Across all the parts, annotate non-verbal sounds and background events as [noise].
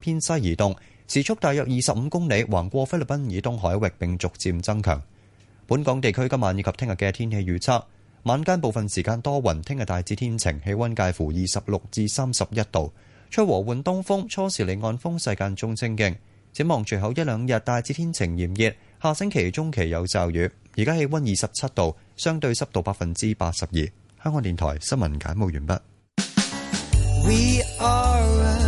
偏西移動，時速大約二十五公里，橫過菲律賓以東海域，並逐漸增強。本港地區今晚以及聽日嘅天氣預測，晚間部分時間多雲，聽日大致天晴，氣溫介乎二十六至三十一度，吹和緩東風，初時離岸，風勢間中清勁。展望隨後一兩日大致天晴炎熱，下星期中期有驟雨。而家氣溫二十七度，相對濕度百分之八十二。香港電台新聞簡報完畢。We are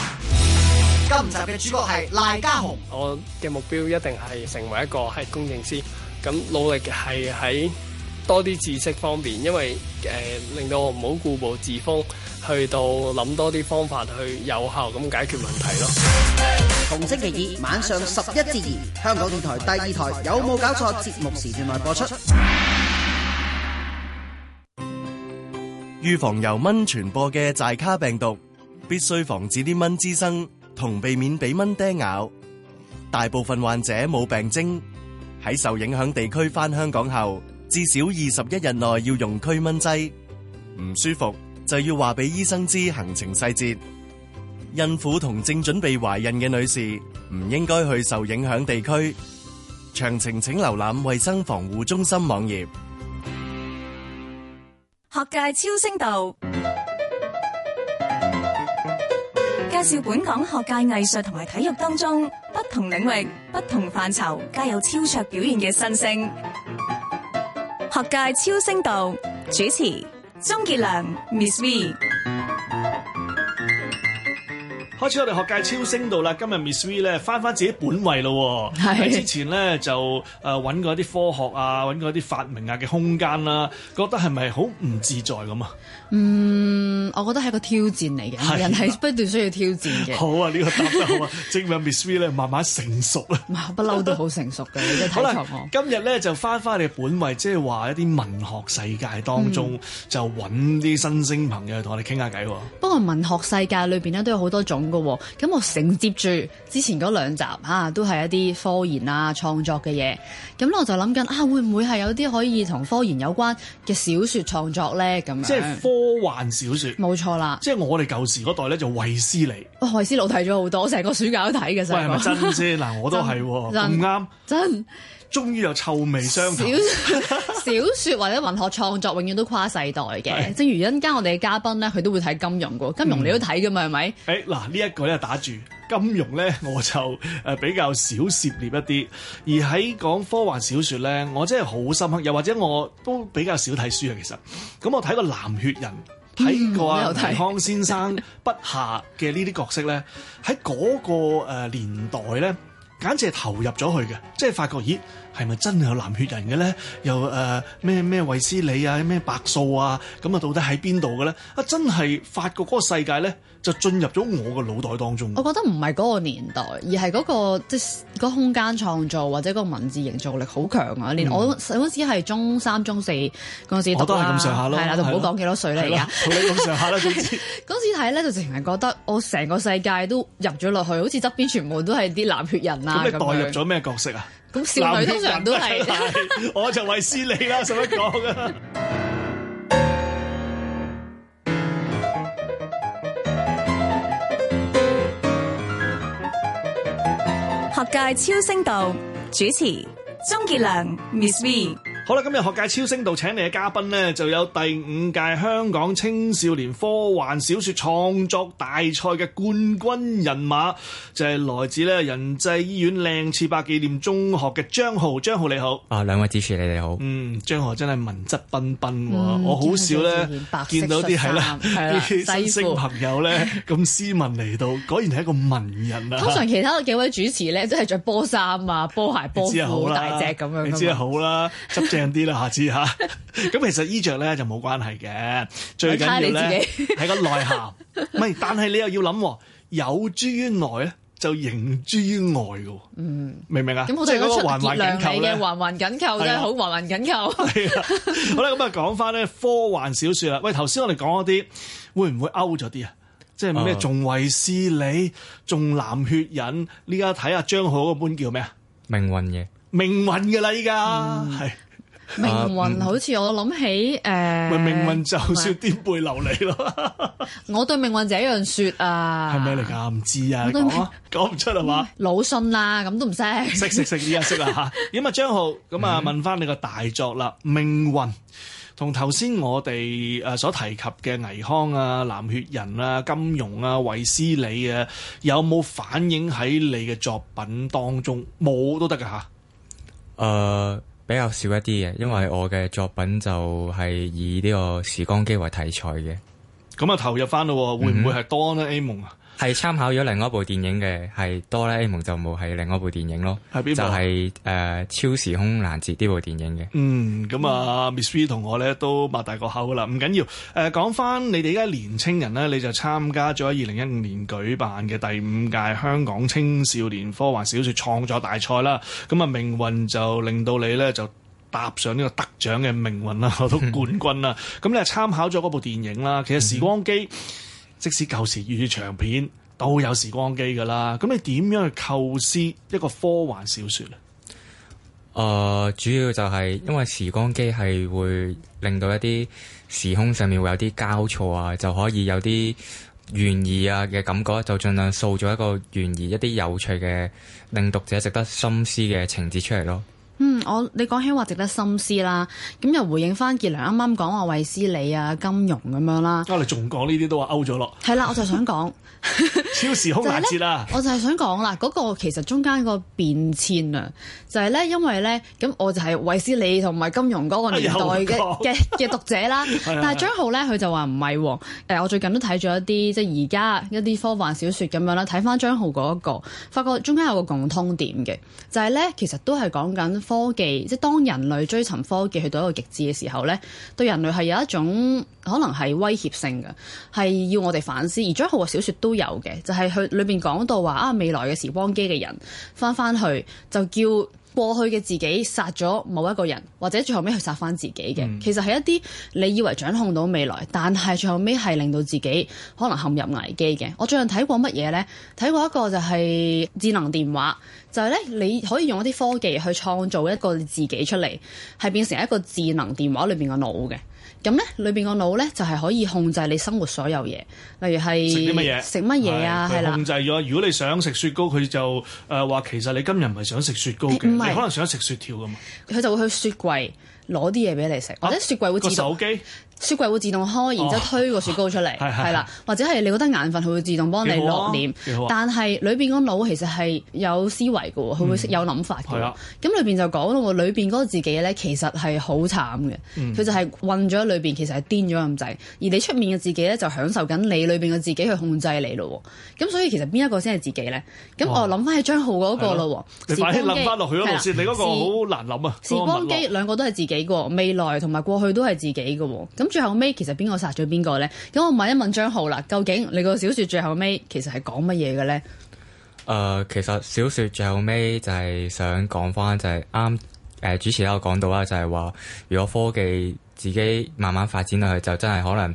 今集嘅主角係賴家雄。我嘅目標一定係成為一個係工程師，咁努力係喺多啲知識方面，因為誒、呃、令到我唔好固步自封，去到諗多啲方法去有效咁解決問題咯。逢星期二晚上十一至二，香港電台第二台，第二台有冇搞錯？節目時段內播出。預防由蚊傳播嘅寨卡病毒，必須防止啲蚊滋生。同避免俾蚊叮咬，大部分患者冇病徵。喺受影響地區返香港後，至少二十一日內要用驅蚊劑。唔舒服就要話俾醫生知行程細節。孕婦同正準備懷孕嘅女士唔應該去受影響地區。詳情請瀏覽衛生防護中心網頁。學界超聲道。介紹本港學界、藝術同埋體育當中不同領域、不同範疇皆有超卓表現嘅新星。學界超星度主持鍾傑良，Miss V。開始我哋學界超升到啦，今日 Miss V 咧翻翻自己本位咯、哦。喺是之前咧就誒揾、呃、過一啲科學啊，揾過一啲發明啊嘅空間啦、啊，覺得係咪好唔自在咁啊？嗯，我覺得係一個挑戰嚟嘅，嗎人係不斷需要挑戰嘅。好啊，呢、這個答得好啊！證明 Miss V 咧慢慢成熟啦，不嬲 [laughs] 都好成熟嘅。好啦、啊，今日咧就翻翻我哋本位，即係話一啲文學世界當中、嗯、就揾啲新星朋友同我哋傾下偈。 [laughs] 不過文學世界裏邊咧都有好多種。 [laughs] [laughs] 嘅，咁我承接住之前嗰兩集，哈、啊，都係一啲科研啊創作嘅嘢，咁我就諗緊啊，會唔會係有啲可以同科研有關嘅小說創作咧？咁即係科幻小說，冇錯啦。即係我哋舊時嗰代咧，就衛斯理。哇、哦，衛斯理睇咗好多，成個暑假都睇嘅。係唔係真啫，嗱， [laughs] 我都係、啊，唔啱真。終於又臭味相投。小説或者文學創作永遠都跨世代嘅， [laughs] 正如一家我哋嘅嘉賓咧，佢都會睇金融㗎，金融你都睇㗎嘛，係咪、嗯？誒嗱、欸，這個、呢一個咧打住金融咧，我就誒比較少涉獵一啲，而喺講科幻小説咧，我真係好深刻，又或者我都比較少睇書啊，其實。咁我睇過藍血人，睇過啊，倪匡、嗯、先生筆下嘅呢啲角色咧，喺嗰個誒年代咧。簡直係投入咗去嘅，即係發覺咦，係咪真係有藍血人嘅咧？又誒咩咩衛斯理啊，咩白素啊，咁啊到底喺邊度嘅咧？啊真係發覺嗰個世界咧，就進入咗我嘅腦袋當中。我覺得唔係嗰個年代，而係嗰、那個即係、就是、空間創造或者嗰個文字營造力好強啊！連、嗯、我嗰時係中三中四嗰陣時讀啦、啊，係啦，唔好講幾多歲啦，係啦，同你咁上下啦，嗰時睇咧 [laughs] [laughs] 就成日覺得我成個世界都入咗落去，好似側邊全部都係啲藍血人啊！咁、嗯、你代入咗咩角色啊？咁少女通常都係是，是 [laughs] 我就為師你啦，使乜講啊！學界超聲道主持鍾傑良，Miss [laughs] V。好啦，今日學界超聲道請嚟嘅嘉賓呢，就有第五屆香港青少年科幻小說創作大賽嘅冠軍人馬，就係、是、來自咧仁濟醫院靚次伯紀念中學嘅張浩。張浩你好，啊兩位主持你哋好。嗯，張浩真係文質彬彬、啊，嗯、我好少咧見、嗯、到啲係咧啲新興朋友咧咁 [laughs] 斯文嚟到，果然係一個文人啦、啊。通常其他嘅幾位主持咧都係着波衫啊、波鞋、波褲，好大隻咁樣。你知就好啦，執正。啲啦，下次嚇咁。其實衣著咧就冇關係嘅，最緊要咧係個內涵。唔係，但係你又要諗有諸於內咧，就形諸於外嘅。嗯，明唔明啊？咁好多出熱量嘅環環緊扣啫，好環環緊扣。係啊，好啦，咁啊講翻咧科幻小説啦。喂，頭先我哋講嗰啲會唔會勾咗啲啊？即係咩？仲維斯里，仲藍血人。呢家睇下張浩嗰本叫咩啊？命運嘅命運嘅啦，依家係。命運好似我諗起誒，咪命運就算顛沛流離咯。我對命運就一樣說啊，係咩嚟噶？唔知啊，講啊，講唔出係嘛？魯迅啦，咁都唔識，識識識依家識啦吓。咁啊，張浩，咁啊，問翻你個大作啦，命運同頭先我哋誒所提及嘅倪匡啊、藍血人啊、金庸啊、衛斯理啊，有冇反映喺你嘅作品當中？冇都得噶吓，誒。比較少一啲嘅，因為我嘅作品就係以呢個時光機為題材嘅。咁啊，投入返咯，mm hmm。會唔會係《哆啦 A 夢》啊？係參考咗另外一部電影嘅，係《哆啦 A 夢就冇係另外一部電影咯，就係、是、誒、呃、超時空攔截呢部電影嘅。嗯，咁啊，Ms V 同我咧都擘大個口噶啦，唔緊要。誒、呃，講翻你哋而家年青人咧，你就參加咗二零一五年舉辦嘅第五屆香港青少年科幻小說創作大賽啦。咁啊，命運就令到你咧就搭上呢個得獎嘅命運啦，攞到 [laughs] 冠軍啦。咁你咧參考咗嗰部電影啦，其實時光機。 [laughs] 即使舊時粵語長片都有時光機噶啦，咁你點樣去構思一個科幻小説咧？誒、呃，主要就係因為時光機係會令到一啲時空上面會有啲交錯啊，就可以有啲懸疑啊嘅感覺，就盡量塑造一個懸疑、一啲有趣嘅令讀者值得深思嘅情節出嚟咯。嗯，我你講起話值得深思啦，咁又回應翻傑良啱啱講話衛斯理啊、金融咁樣啦，我你仲講呢啲都話勾咗咯。係啦，我就想講 [laughs] 超時空眼鏡啦，我就係想講啦，嗰、那個其實中間個變遷啊，就係、是、咧，因為咧，咁我就係衛斯理同埋金融嗰個年代嘅嘅嘅讀者啦。但係張浩咧，佢就話唔係喎。我最近都睇咗一啲即係而家一啲科幻小説咁樣啦，睇翻張浩嗰、那、一個，發覺中間有個共通點嘅，就係、是、咧，其實都係講緊。科技即係當人類追尋科技去到一個極致嘅時候咧，對人類係有一種可能係威脅性嘅，係要我哋反思。而張浩嘅小說都有嘅，就係、是、佢裏邊講到話啊，未來嘅時光機嘅人翻返去就叫過去嘅自己殺咗某一個人，或者最後尾去殺翻自己嘅，其實係一啲你以為掌控到未來，但係最後尾係令到自己可能陷入危機嘅。我最近睇過乜嘢呢？睇過一個就係智能電話，就係呢，你可以用一啲科技去創造一個你自己出嚟，係變成一個智能電話裏面嘅腦嘅。咁咧，裏邊個腦咧就係可以控制你生活所有嘢，例如係食啲乜嘢、食乜嘢啊，係啦。控制咗，如果你想食雪糕，佢就誒話，呃、其實你今日唔係想食雪糕嘅，欸、你可能想食雪條噶嘛。佢就會去雪櫃攞啲嘢俾你食，或者雪櫃會自、啊那個、手機。雪櫃會自動開，然之後推個雪糕出嚟，係啦、哦，或者係你覺得眼瞓，佢會自動幫你落簾。啊、但係裏邊嗰腦其實係有思維嘅，佢、嗯、會識有諗法嘅。咁裏邊就講到喎，裏邊嗰個自己咧、嗯，其實係好慘嘅，佢就係困咗喺裏邊，其實係癲咗咁滯。而你出面嘅自己咧，就享受緊你裏邊嘅自己去控制你咯。咁所以其實邊一個先係自己咧？咁我諗翻起張浩嗰個咯喎，哦嗯、時光機係時光機兩個都係自己嘅，未來同埋過去都係自己嘅。咁最後尾其實邊個殺咗邊個呢？咁我問一問張浩啦，究竟你個小說最後尾其實係講乜嘢嘅呢？誒、呃，其實小說最後尾就係想講翻，就係啱誒主持有講到啦，就係話如果科技自己慢慢發展落去，就真係可能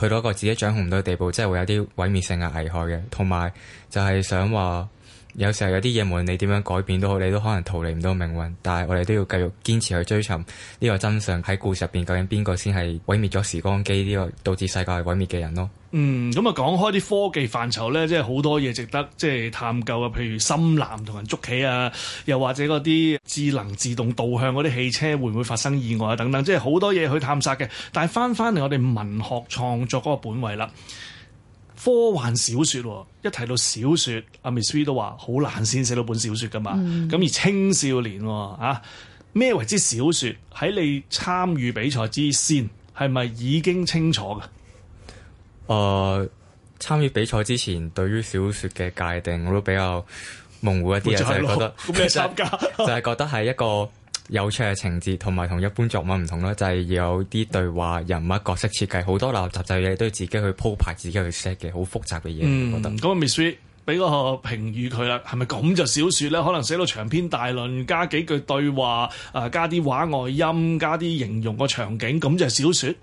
去到一個自己掌控唔到嘅地步，真係會有啲毀滅性嘅危害嘅，同埋就係想話。有時候有啲嘢，無論你點樣改變都好，你都可能逃離唔到命運。但係我哋都要繼續堅持去追尋呢個真相，喺故事入邊究竟邊個先係毀滅咗時光機呢，這個導致世界毀滅嘅人咯？嗯，咁啊講開啲科技範疇呢？即係好多嘢值得即係探究啊，譬如深藍同人捉棋啊，又或者嗰啲智能自動導向嗰啲汽車會唔會發生意外啊等等，即係好多嘢去探索嘅。但係翻翻嚟我哋文學創作嗰個本位啦。科幻小説喎，一提到小説，阿 Miss V 都話好難先寫到本小説噶嘛。咁、嗯、而青少年喎，啊咩為之小説？喺你參與比賽之先，係咪已經清楚嘅？誒、呃，參與比賽之前，對於小説嘅界定，我都比較模糊一啲，就係覺得，咩參加 [laughs] 就係覺得係一個。有趣嘅情節同埋同一般作文唔同啦，就係要有啲對話、人物角色設計，好多垃雜嘢都要自己去鋪排、自己去 set 嘅，好複雜嘅嘢。嗯，我覺得，咁啊，Miss V 俾個評語佢啦，係咪咁就小説咧？可能寫到長篇大論，加幾句對話，誒，加啲畫外音，加啲形容個場景，咁就係小説。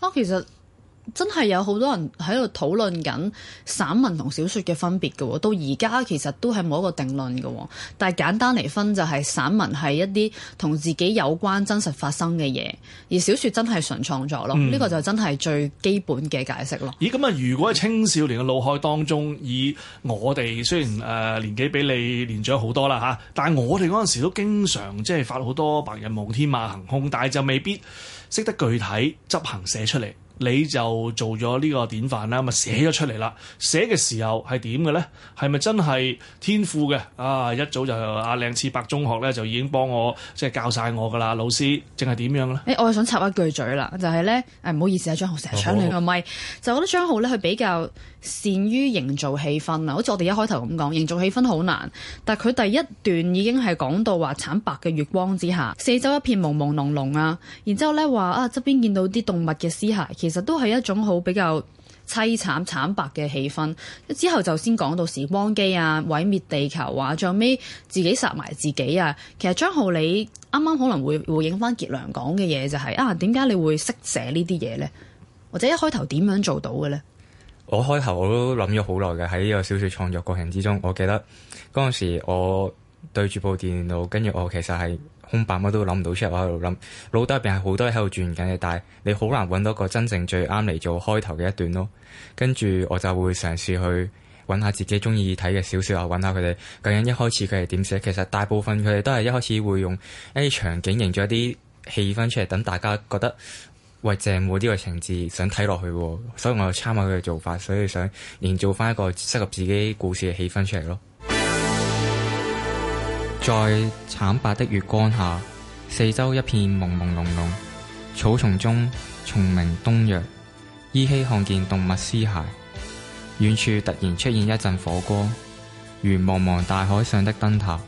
我、哦、其實～真係有好多人喺度討論緊散文同小説嘅分別嘅，到而家其實都係冇一個定論嘅。但係簡單嚟分就係散文係一啲同自己有關真實發生嘅嘢，而小説真係純創作咯。呢、嗯、個就真係最基本嘅解釋咯。咦？咁啊，如果喺青少年嘅腦海當中，以我哋雖然誒、呃、年紀比你年長好多啦嚇，但係我哋嗰陣時都經常即係發好多白日夢、天馬行空，但係就未必識得具體執行寫出嚟。你就做咗呢個典範啦，咪寫咗出嚟啦？寫嘅時候係點嘅咧？係咪真係天賦嘅？啊，一早就阿靚、啊、次伯中學咧就已經幫我即係教晒我㗎啦，老師，淨係點樣咧？誒、欸，我又想插一句嘴啦，就係咧誒，唔好意思啊，張浩成日搶你個咪？哦、好好就覺得張浩咧佢比較，善於營造氣氛啊，好似我哋一開頭咁講，營造氣氛好難。但係佢第一段已經係講到話慘白嘅月光之下，四周一片朦朦朧朧啊。然之後呢話啊，側邊見到啲動物嘅屍骸，其實都係一種好比較淒慘慘白嘅氣氛。之後就先講到時光機啊，毀滅地球啊，最尾自己殺埋自己啊。其實張浩，你啱啱可能會，會回應翻杰良講嘅嘢，就係啊，點解你會識寫呢啲嘢呢？或者一開頭點樣做到嘅呢？我開頭我都諗咗好耐嘅。喺呢個小說創作過程之中，我記得嗰陣時我對住部電腦，跟住我其實係空白乜都諗唔到出嚟。我喺度諗，腦袋入邊係好多喺度轉緊嘅，但係你好難揾到個真正最啱嚟做開頭嘅一段咯。跟住我就會嘗試去揾下自己中意睇嘅小說，又揾下佢哋究竟一開始佢哋點寫。其實大部分佢哋都係一開始會用一啲場景營造一啲氣氛出嚟，等大家覺得。喂，鄭武呢個情節想睇落去喎，喔，所以我又參考佢嘅做法，所以想營造返一個適合自己故事嘅氣氛出嚟咯。在慘白的月光下，四周一片朦朦朧朧，草叢中蟲鳴冬弱，依稀看見動物屍骸。遠處突然出現一陣火光，如茫茫大海上的燈塔，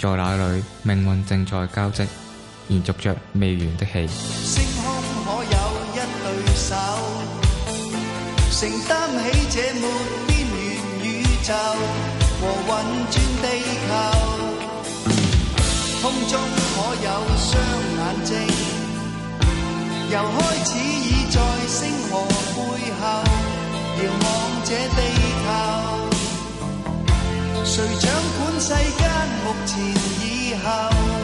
在那裏命運正在交織，延續着未完的戲。 [noise] 手承擔起這末邊緣宇宙和運轉地球，空中可有雙眼睛？由開始已在星河背後遙望這地球，誰掌管世間目前以後？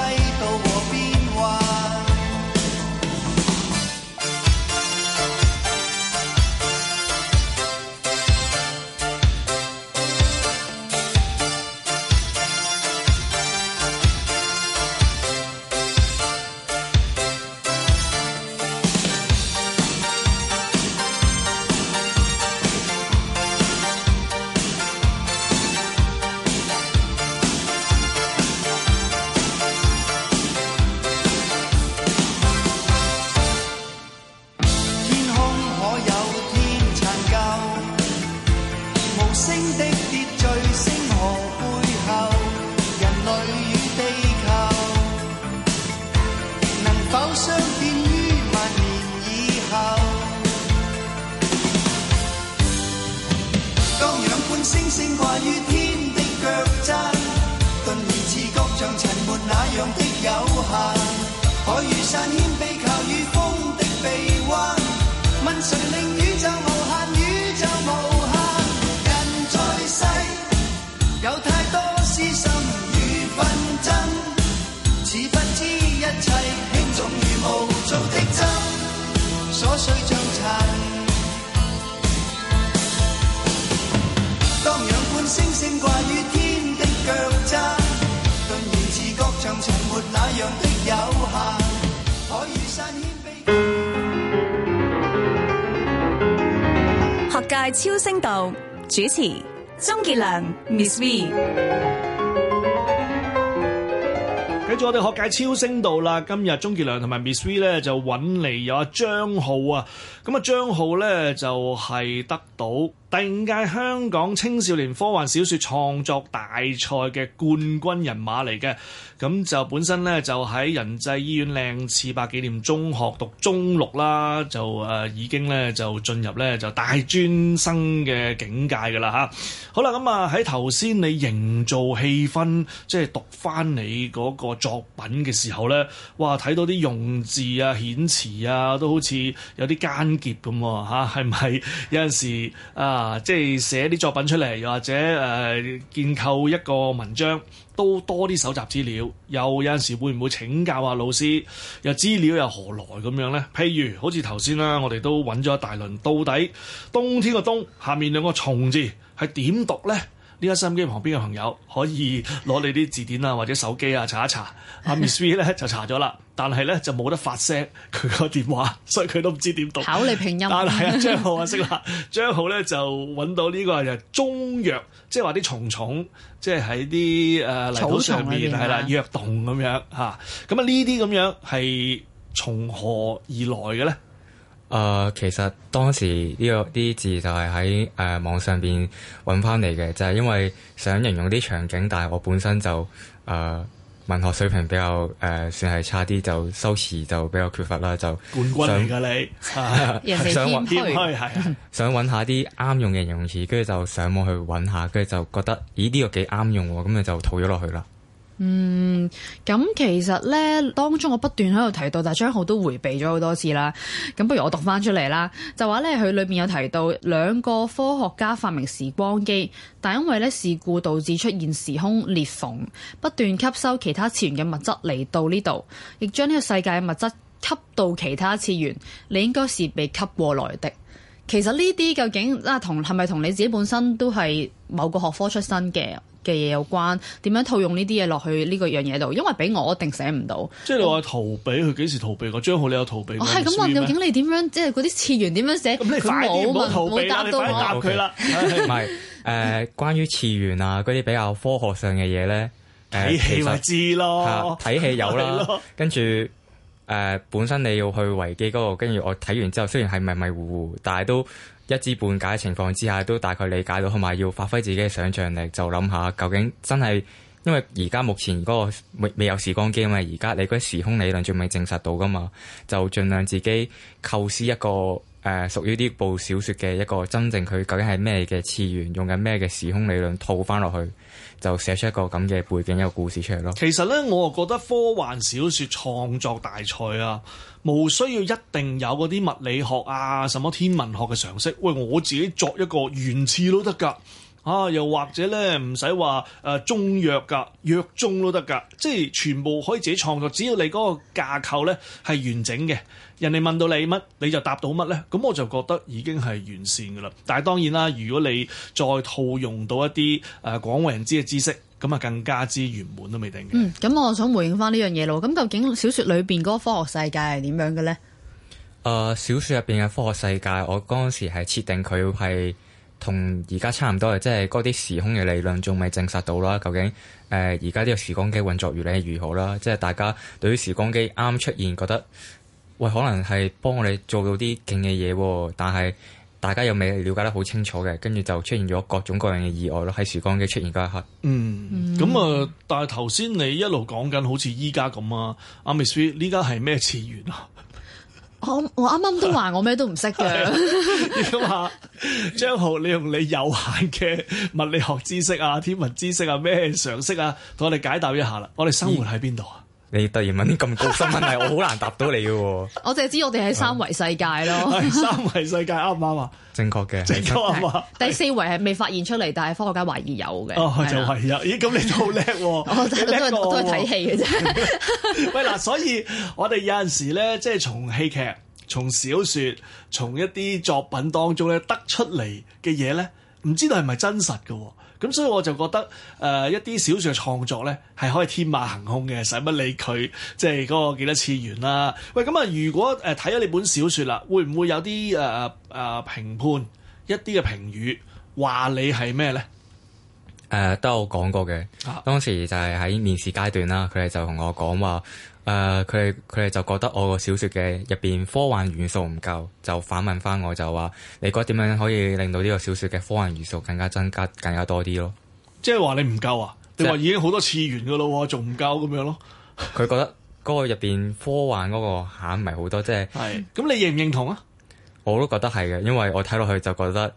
星星掛於天的腳踭，頓然自覺像塵末那樣的有限。海與山謙卑靠於風的臂彎，問誰令宇宙無限？宇宙無限。人在世有太多私心與紛爭，似不知一切輕重與無造的真，瑣碎像塵。星星掛於天的腳踭，那樣的有限。山，學界超聲道主持鍾傑良 Miss V，繼續我哋學界超聲道啦！今日鍾傑良同埋 Miss V 咧，就揾嚟，有阿張浩啊！咁啊張浩咧就係得到。第五屆香港青少年科幻小說創作大賽嘅冠軍人馬嚟嘅，咁就本身咧就喺仁濟醫院靚次伯紀念中學讀中六啦，就誒、呃、已經咧就進入咧就大專生嘅境界噶啦吓，好啦，咁啊喺頭先你營造氣氛，即係讀翻你嗰個作品嘅時候咧，哇睇到啲用字啊、遣詞啊，都好似有啲艱澀咁吓，係咪有陣時啊？是啊，即係寫啲作品出嚟，又或者誒、呃、建構一個文章，都多啲搜集資料。又有陣時會唔會請教下、啊、老師？又資料又何來咁樣呢？譬如好似頭先啦，我哋都揾咗一大輪，到底冬天個冬下面兩個蟲字係點讀呢？呢家收音機旁邊嘅朋友可以攞你啲字典啊，或者手機啊查一查。阿 Miss V 咧就查咗啦，但係咧就冇得發聲佢個電話，所以佢都唔知點讀。考你拼音。 [laughs] 但係啊，張浩啊識啦，張浩咧就揾到呢個就係中藥，即係話啲蟲蟲即係喺啲誒泥土上面係啦，藥洞咁樣嚇。咁啊呢啲咁樣係從何而來嘅咧？誒、呃、其實當時呢、這個啲字就係喺誒網上邊揾翻嚟嘅，就係、是、因為想形容啲場景，但係我本身就誒、呃、文學水平比較誒、呃、算係差啲，就修辭就比較缺乏啦，就冠軍，嚟㗎你，啲想開找，推想揾下啲啱用嘅形容詞，跟住就上網去揾下，跟住就覺得咦呢、這個幾啱用喎，咁咪就套咗落去啦。嗯，咁其實呢，當中我不斷喺度提到，但張浩都迴避咗好多次啦。咁不如我讀翻出嚟啦，就話呢，佢裏面有提到兩個科學家發明時光機，但因為呢，事故導致出現時空裂縫，不斷吸收其他次元嘅物質嚟到呢度，亦將呢個世界嘅物質吸到其他次元。你應該是被吸過來的。其實呢啲究竟啊，同係咪同你自己本身都係某個學科出身嘅？嘅嘢有關點樣套用呢啲嘢落去呢個樣嘢度，因為俾我一定寫唔到。即係你話逃避佢幾時逃避我張浩，你有逃避。我係咁問，究竟你點樣即係嗰啲次元點樣寫？佢冇冇答到我？唔係誒，關於次元啊嗰啲比較科學上嘅嘢咧，睇戲咪知咯。睇戲有啦，跟住誒本身你要去維基嗰度，跟住我睇完之後，雖然係迷迷糊糊，但係都。一知半解嘅情況之下，都大概理解到，同埋要發揮自己嘅想象力，就諗下究竟真係，因為而家目前嗰個未未有時光機啊嘛，而家你嗰啲時空理論仲未證實到噶嘛，就盡量自己構思一個。誒、呃，屬於呢部小說嘅一個真正佢究竟係咩嘅次元，用緊咩嘅時空理論套翻落去，就寫出一個咁嘅背景一個故事出嚟咯。其實呢，我啊覺得科幻小說創作大賽啊，無需要一定有嗰啲物理學啊、什麼天文學嘅常識。喂，我自己作一個原次都得噶。啊，又或者咧，唔使話誒，中藥噶藥中都得噶，即係全部可以自己創作，只要你嗰個架構咧係完整嘅，人哋問到你乜，你就答到乜咧，咁我就覺得已經係完善噶啦。但係當然啦，如果你再套用到一啲誒廣為人知嘅知識，咁啊更加之圓滿都未定嘅。嗯，咁我想回應翻呢樣嘢咯。咁究竟小說裏邊嗰個科學世界係點樣嘅咧？誒、呃，小說入邊嘅科學世界，我嗰陣時係設定佢係。同而家差唔多嘅，即係嗰啲時空嘅理論仲未證實到啦。究竟誒而家呢個時光機運作原理係如何啦？即係大家對於時光機啱出現覺得，喂，可能係幫我哋做到啲勁嘅嘢，但係大家又未瞭解得好清楚嘅，跟住就出現咗各種各樣嘅意外咯。喺時光機出現嗰一刻，嗯，咁、嗯嗯嗯、啊，但係頭先你一路講緊好似依家咁啊，阿 Miss V，呢家係咩次元啊？ [laughs] 我剛剛我啱啱都話我咩都唔識嘅，你都話，張 [laughs] 浩，你用你有限嘅物理學知識啊、天文知識啊、咩常識啊，同我哋解答一下啦。我哋生活喺邊度啊？嗯你突然問啲咁高深問題，我好難答到你嘅。我淨係知我哋喺三維世界咯，三維世界啱唔啱啊？正確嘅，正確啊嘛。第四維係未發現出嚟，但係科學家懷疑有嘅。哦，就係有。咦，咁你都好叻喎。我都係睇戲嘅啫。喂，嗱，所以我哋有陣時咧，即係從戲劇、從小說、從一啲作品當中咧，得出嚟嘅嘢咧，唔知道係咪真實嘅。咁、嗯、所以我就覺得，誒、呃、一啲小説創作咧係可以天馬行空嘅，使乜理佢？即係嗰個幾多次元啦、啊。喂，咁、嗯、啊，如果誒睇咗你本小説啦，會唔會有啲誒誒評判一啲嘅評語話你係咩咧？誒、呃、都有講過嘅。啊、當時就係喺面試階段啦，佢哋就同我講話，誒，佢哋佢哋就覺得我個小說嘅入邊科幻元素唔夠，就反問翻我就話：你覺得點樣可以令到呢個小說嘅科幻元素更加增加、更加多啲咯？即係話你唔夠啊？即你話已經好多次元噶啦，仲唔夠咁樣咯？佢覺得嗰個入邊科幻嗰個餡唔係好多，即係係。咁你認唔認同啊？我都覺得係嘅，因為我睇落去就覺得。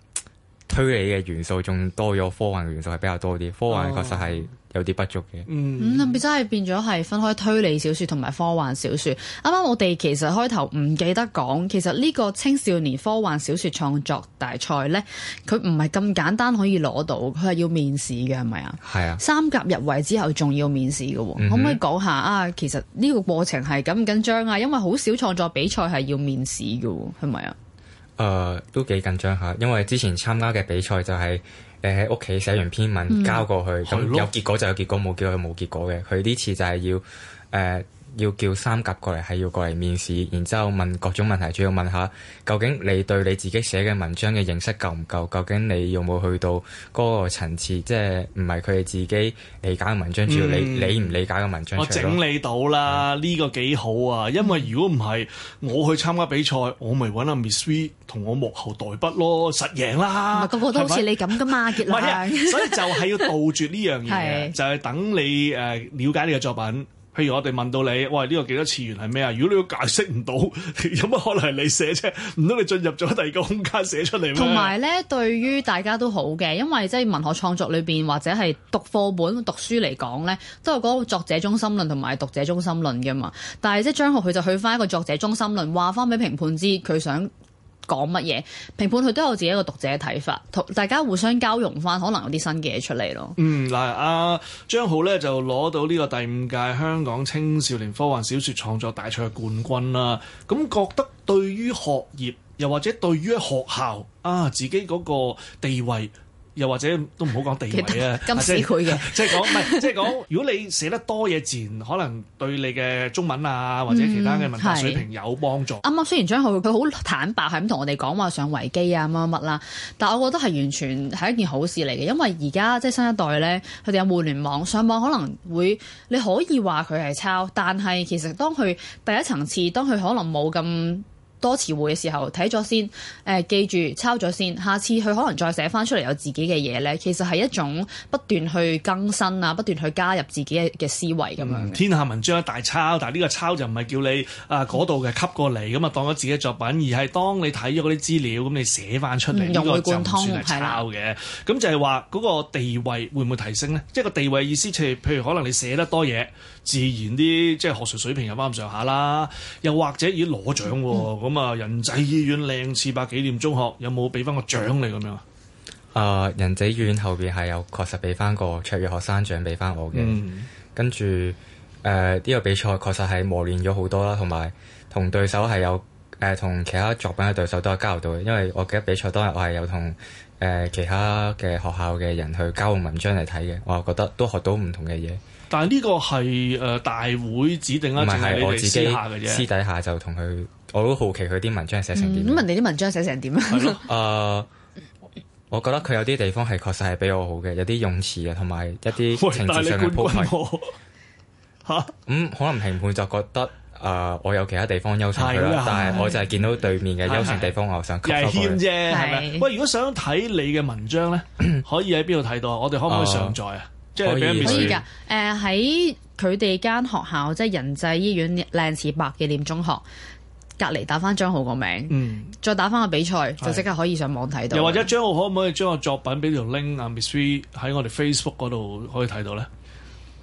推理嘅元素仲多咗科幻嘅元素係比較多啲，Oh. 科幻確實係有啲不足嘅。Mm. 嗯，特別真係變咗係分開推理小說同埋科幻小說。啱啱我哋其實開頭唔記得講，其實呢個青少年科幻小說創作大賽咧，佢唔係咁簡單可以攞到，佢係要面試嘅，係咪啊？係啊。三甲入圍之後仲要面試嘅，Mm-hmm. 可唔可以講下啊？其實呢個過程係緊唔緊張啊？因為好少創作比賽係要面試嘅，係咪啊？誒、呃、都幾緊張嚇，因為之前參加嘅比賽就係誒喺屋企寫完篇文、嗯、交過去，咁、嗯、有結果就有結果，冇結果就冇結果嘅。佢呢次就係要誒。呃要叫三甲過嚟，係要過嚟面試，然之後問各種問題，主要問下究竟你對你自己寫嘅文章嘅認識夠唔夠？究竟你有冇去到嗰個層次？即係唔係佢哋自己理解嘅文章，主要理、嗯、理唔理解嘅文章？我整理到啦，呢、嗯、個幾好啊！因為如果唔係，我去參加比賽，我咪揾阿 Ms V 同我幕後代筆咯，實贏啦！個個都好似吧你咁噶嘛，傑良、 [laughs] 啊，所以就係要杜絕呢樣嘢， [laughs] 是就係等你誒了解你嘅作品。譬如我哋問到你，喂呢個幾多次元係咩啊？如果你都解釋唔到， [laughs] 有乜可能係你寫啫？唔通你進入咗第二個空間寫出嚟咩？同埋咧，對於大家都好嘅，因為即係文學創作裏邊或者係讀課本讀書嚟講咧，都有嗰個作者中心論同埋讀者中心論㗎嘛。但係即係張浩佢就去翻一個作者中心論，話翻俾評判知佢想講乜嘢，評判佢都有自己一個讀者嘅睇法，同大家互相交融返，可能有啲新嘅嘢出嚟咯。嗯，嗱、啊，阿張浩呢就攞到呢個第五屆香港青少年科幻小說創作大賽嘅冠軍啦。咁覺得對於學業，又或者對於學校啊，自己嗰個地位。又或者都唔好講地位啊， [laughs] 即係講唔係即係講，如果你寫得多嘢自然可能對你嘅中文啊、嗯、或者其他嘅文化水平有幫助。啱啱，嗯、雖然張浩佢好坦白說說，啊，係咁同我哋講話上維基啊乜乜乜啦，但我覺得係完全係一件好事嚟嘅，因為而家即係新一代咧，佢哋有互聯網，上網可能會你可以話佢係抄，但係其實當佢第一層次，當佢可能冇咁。多詞彙嘅時候睇咗先，誒、呃、記住抄咗先，下次佢可能再寫翻出嚟有自己嘅嘢咧。其實係一種不斷去更新啊，不斷去加入自己嘅思維咁樣、嗯。天下文章一大抄，但係呢個抄就唔係叫你啊嗰度嘅吸過嚟咁啊當咗自己作品，而係當你睇咗嗰啲資料咁，你寫翻出嚟，用、嗯、會貫通，呢個就唔算係抄嘅。咁就係話嗰個地位會唔會提升咧？即、就、係、是、個地位意思，譬如可能你寫得多嘢，自然啲即係學術水平又啱上下啦。又或者要攞獎喎。仁濟醫院靚次伯紀念中學，有冇俾翻個獎你咁樣啊？誒、呃，仁濟醫院後邊係有確實俾翻個卓越學生獎俾翻我嘅，嗯、呃，這個，呃，跟住誒呢個比賽確實係磨練咗好多啦，同埋同對手係有誒同其他作品嘅對手都有交流到嘅，因為我記得比賽當日我係有同誒、呃、其他嘅學校嘅人去交換文章嚟睇嘅，我又覺得都學到唔同嘅嘢。但係呢個係誒、呃、大會指定一啲唔係我自己，私底下就同佢。我都好奇佢啲文章係寫成點。咁問你啲文章寫成點啊？誒，我覺得佢有啲地方係確實係比我好嘅，有啲用詞啊，同埋一啲情節上嘅鋪排。嚇，咁可能評判就覺得誒，我有其他地方優勝佢啦。但係我就係見到對面嘅優勝地方，我想又係啫，係咪？喂，如果想睇你嘅文章咧，可以喺邊度睇到？我哋可唔可以上載啊？即係可以。可以噶。誒，喺佢哋間學校，即係仁濟醫院靚次伯紀念中學。隔籬打翻張浩個名，嗯，再打翻個比賽就即刻可以上網睇到。又或者張浩可唔可以將個作品俾條 link 啊，Miss 喺我哋 Facebook 度可以睇到咧？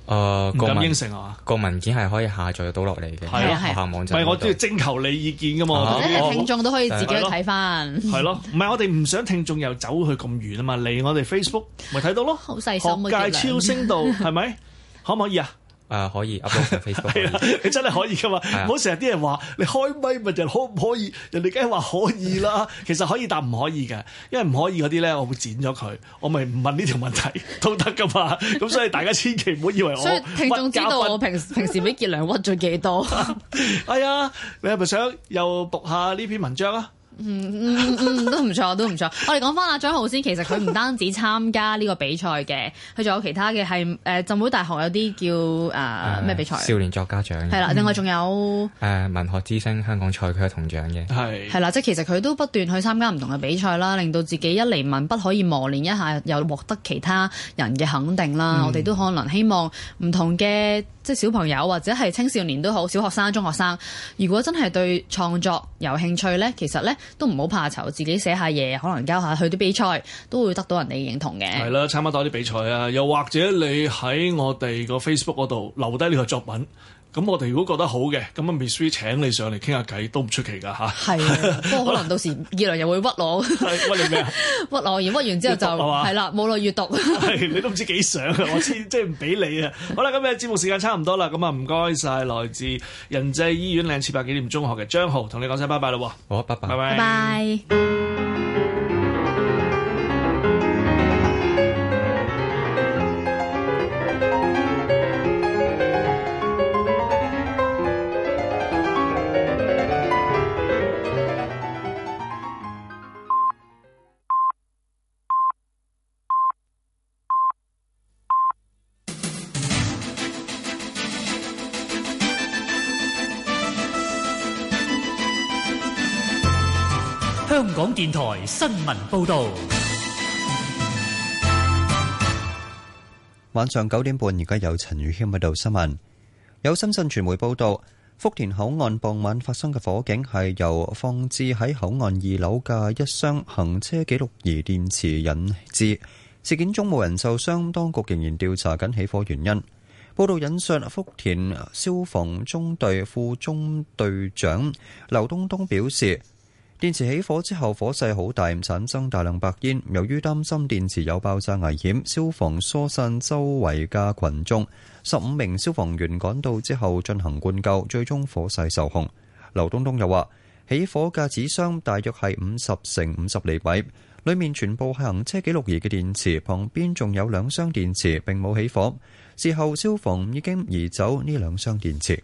誒，唔敢應承啊，個文件係可以下載到落嚟嘅？係啊係啊，下網唔係我都要徵求你意見噶嘛，啲聽眾都可以自己去睇翻。係咯，唔係我哋唔想聽眾又走去咁遠啊嘛，嚟我哋 Facebook 咪睇到咯。好細心，學界超聲度係咪？可唔可以啊？Uh，啊，上可以 upload 喺 Facebook。你真係可以㗎嘛？唔好成日啲人話你開咪咪，人可唔可以，人哋梗係話可以啦。其實可以答唔可以嘅，因為唔可以嗰啲咧，我會剪咗佢，我咪唔問呢條問題都得㗎嘛。咁所以大家千祈唔好以為我。所以聽眾知道我平平時俾傑良屈咗幾多？係啊，你係咪想又讀下呢篇文章啊？嗯嗯嗯都唔錯，都唔錯。錯 [laughs] 我哋講翻阿張浩先，其實佢唔單止參加呢個比賽嘅，佢仲 [laughs] 有其他嘅係誒浸會大學有啲叫誒咩、呃呃、比賽？少年作家獎係啦，另外仲有誒、呃、文學之星香港賽區嘅銅獎嘅係係啦，即係其實佢都不斷去參加唔同嘅比賽啦，令到自己一嚟文筆可以磨練一下，又獲得其他人嘅肯定啦。嗯、我哋都可能希望唔同嘅。即係小朋友或者係青少年都好，小學生、中學生，如果真係對創作有興趣呢，其實呢都唔好怕醜，自己寫下嘢，可能交下去啲比賽，都會得到人哋認同嘅。係啦，參加多啲比賽啊，又或者你喺我哋個 Facebook 度留低呢個作品。咁我哋如果覺得好嘅，咁啊 Miss Three、e、請你上嚟傾下偈都唔出奇噶嚇。係 [laughs] 不過可能到時二來又會屈我。 [laughs] 屈你咩啊？屈我而屈完之後就係啦，冇耐閲讀。係 [laughs] 你都唔知幾想啊！我知，即係唔俾你啊！ [laughs] 好啦，今日節目時間差唔多啦，咁啊唔該晒來自仁濟醫院靚次伯紀念中學嘅張浩，同你講聲拜拜啦。好，拜拜，拜拜。新聞報道。晚上九點半，而家有陳宇謙報道新聞。有深圳傳媒報道，福田口岸傍晚發生嘅火警係由放置喺口岸二樓嘅一箱行車記錄儀電池引致。事件中無人受傷，當局仍然調查緊起火原因。報道引述福田消防中隊副中隊長劉東東表示，電池起火之後，火勢好大，產生大量白煙。由於擔心電池有爆炸危險，消防疏散周圍嘅群眾。十五名消防員趕到之後進行灌救，最終火勢受控。劉東東又話：起火嘅紙箱大約係五十乘五十厘米，裡面全部係行車記錄儀嘅電池，旁邊仲有兩箱電池並冇起火。事後消防已經移走呢兩箱電池。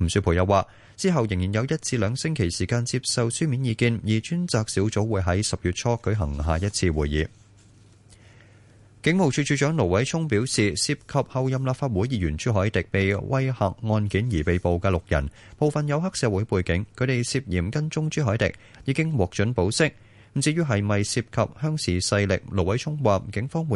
吳雪培又話：之後仍然有一至兩星期時間接受書面意見，而專責小組會喺十月初舉行下一次會議。警務處處長盧偉聰表示，涉及後任立法會議員朱凱迪被威吓案件而被捕嘅六人，部分有黑社會背景，佢哋涉嫌跟蹤朱凱迪，已經獲准保釋。至於係咪涉及鄉事勢力，盧偉聰話警方會。